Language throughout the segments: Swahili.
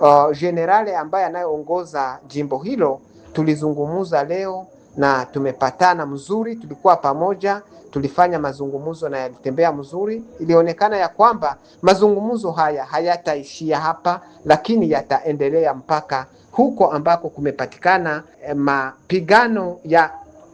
uh, ambaye anayeongoza jimbo hilo. Tulizungumza leo na tumepatana mzuri, tulikuwa pamoja, tulifanya mazungumzo na yalitembea mzuri. Ilionekana ya kwamba mazungumzo haya hayataishia hapa, lakini yataendelea mpaka huko ambako kumepatikana eh, mapigano ya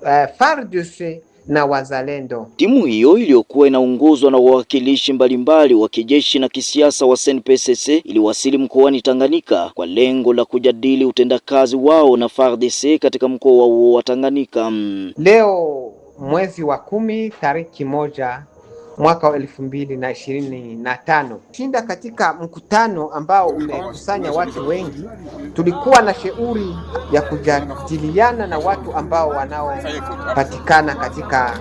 eh, FARDC na wazalendo. Timu hiyo iliyokuwa inaongozwa na wawakilishi mbalimbali wa kijeshi na kisiasa wa SNPCC iliwasili mkoani Tanganyika kwa lengo la kujadili utendakazi wao na FARDC katika mkoa wa Tanganyika. Leo mwezi wa kumi tariki moja mwaka wa elfu mbili na ishirini na tano shinda katika mkutano ambao umekusanya watu wengi. Tulikuwa na shauri ya kujadiliana na watu ambao wanaopatikana katika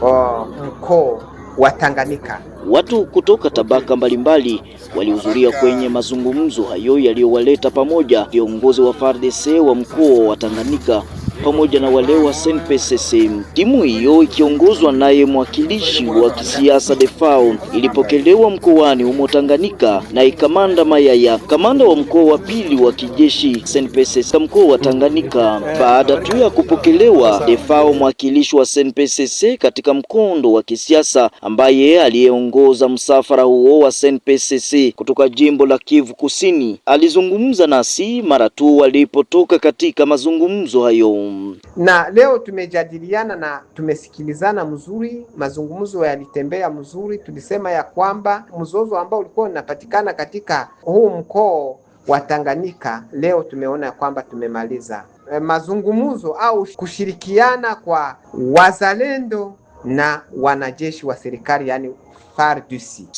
uh, mkoa wa Tanganyika. Watu kutoka tabaka mbalimbali walihudhuria kwenye mazungumzo hayo yaliyowaleta pamoja viongozi wa FARDC wa mkoa wa Tanganyika pamoja na wale wa SNPCC. Timu hiyo ikiongozwa naye mwakilishi wa kisiasa Defao ilipokelewa mkoani humo Tanganyika na ikamanda Mayaya, kamanda wa mkoa wa pili wa kijeshi SNPCC mkoa wa Tanganyika. Baada tu ya kupokelewa Defao, mwakilishi wa SNPCC katika mkondo wa kisiasa, ambaye aliyeongoza msafara huo wa SNPCC kutoka jimbo la Kivu Kusini, alizungumza nasi mara tu walipotoka katika mazungumzo hayo. Na leo tumejadiliana na tumesikilizana mzuri, mazungumzo yalitembea mzuri. Tulisema ya kwamba mzozo ambao ulikuwa unapatikana katika huu mkoa wa Tanganyika leo tumeona kwamba tumemaliza eh, mazungumzo au kushirikiana kwa wazalendo na wanajeshi wa serikali, yani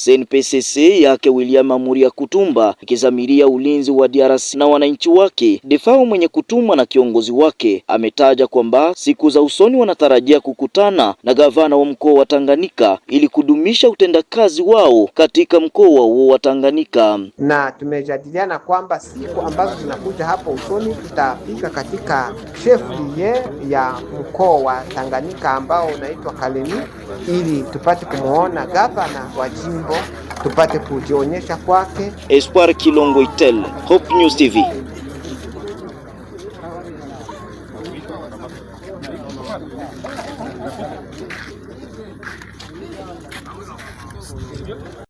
CNPCC yake William Amuri ya Kutumba ikizamiria ulinzi wa DRC na wananchi wake. Defao mwenye kutumwa na kiongozi wake ametaja kwamba siku za usoni wanatarajia kukutana na gavana wa mkoa wa Tanganyika ili kudumisha utendakazi wao katika mkoa huo wa Tanganyika, na tumejadiliana kwamba siku ambazo zinakuja hapo usoni tutafika katika shefriye ya mkoa wa Tanganyika ambao unaitwa Kalemi ili tupate kumwona gavana wa jimbo tupate kujionyesha kwake. Espoir Kilongo, Itel, Hope News TV.